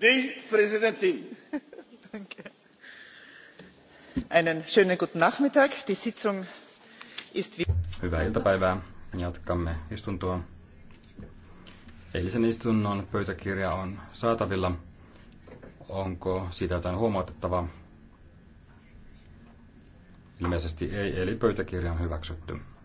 die präsidentin! einen schönen guten nachmittag. die sitzung ist hyvää iltapäivää. Jatkamme istuntoa. Eilisen istunnon pöytäkirja on saatavilla. Onko siitä jotain huomautettavaa? Ilmeisesti ei, eli pöytäkirja on hyväksytty.